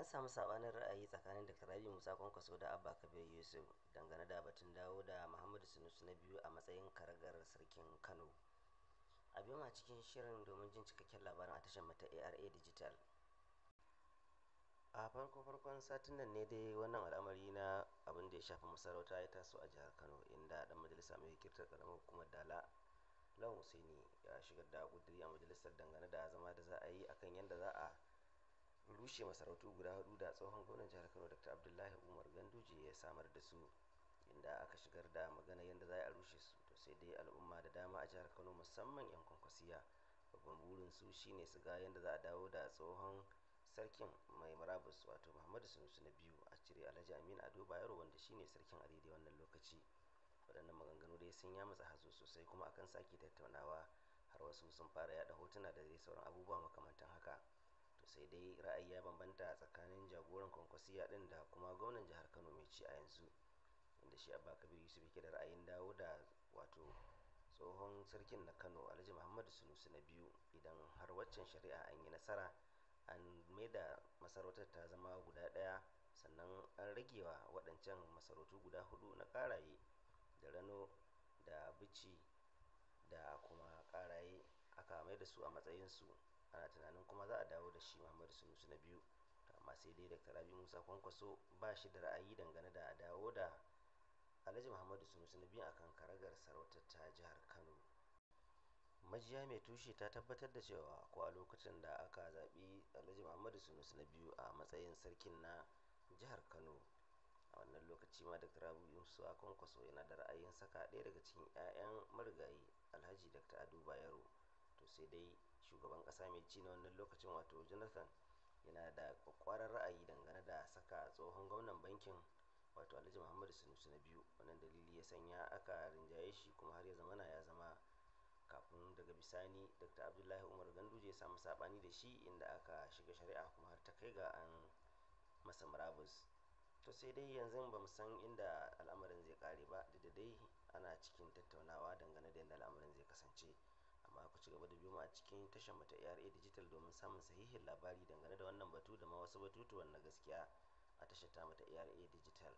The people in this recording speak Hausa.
an samu sabanin ra'ayi tsakanin da rabi musa kwankwaso da abba kabir yusuf dangane da batun dawo da muhammadu sunusu na biyu a matsayin karagar sarkin kano abin a cikin shirin domin jin cikakken labarin a tashar mata ara digital a farko farkon satin nan ne dai wannan al'amari na abin da ya shafi masarauta ya taso a jihar kano inda dan majalisa mai kirtar karamar hukumar dala lawan husaini ya shigar da kudiri a majalisar dangane da zama da za a yi akan yadda za a rushe masarautu guda hudu da tsohon gwamnan jihar kano dr abdullahi umar ganduje ya samar da su inda aka shigar da magana yadda za a rushe su to sai dai al'umma da dama a jihar kano musamman yan kwankwasiya babban burin su shine su ga yadda za a dawo da tsohon sarkin mai marabus wato muhammadu sunusu na biyu a cire alhaji aminu ado bayero wanda shine sarkin a daidai wannan lokaci waɗannan maganganu dai sun ya matsa hazo sosai kuma akan sake tattaunawa har wasu sun fara yada hotuna da dai sauran abubuwa makamantan haka dai ra'ayi ya bambanta tsakanin jagoran kwankwasiya din da kuma gwamnan jihar kano mai ci a yanzu inda shi abba kabir yusuf yake da ra'ayin dawo da wato tsohon sarkin na kano alhaji muhammadu sunusu na biyu idan har waccan shari'a an yi nasara an mai da masarautar ta zama guda ɗaya sannan an ragewa waɗancan masarautu guda hudu na ƙaraye da rano da bici da kuma ƙaraye aka mai da su a matsayinsu ana tunanin da shi Muhammadu Sunusu na biyu amma sai dai da Rabi Musa Kwankwaso ba shi da ra'ayi dangane da a dawo da Alhaji Muhammadu Sunusu na biyu akan karagar sarautar ta jihar Kano majiya mai tushe ta tabbatar da cewa ko a lokacin da aka zaɓi Alhaji Muhammadu Sunusu na biyu a matsayin sarkin na jihar Kano a wannan lokaci ma Dr. su Musa Kwankwaso yana da ra'ayin saka ɗaya daga cikin 'ya'yan marigayi Alhaji Dr. Ado Bayero to sai dai shugaban ƙasa mai ci na wannan lokacin wato jonathan yana da kwakwaran ra'ayi dangane da saka tsohon gwamnan bankin wato alhaji muhammadu sinusu na biyu wannan dalili ya sanya aka rinjaye shi kuma har ya zamana ya zama kafin daga bisani dr abdullahi umar ganduje ya samu saɓani da shi inda aka shiga shari'a kuma har ta kai ga an masa murabus to sai dai yanzu ba mu san inda al'amarin zai kare ba da dai ana cikin tattaunawa dangane da yadda al'amarin zai kasance amma ku ci gaba da biyo mu a cikin tashar mu ta ARA Digital domin samun sahihin labari dangane da wannan batu da ma wasu batutuwan na gaskiya a tashar ta mu ta ARA Digital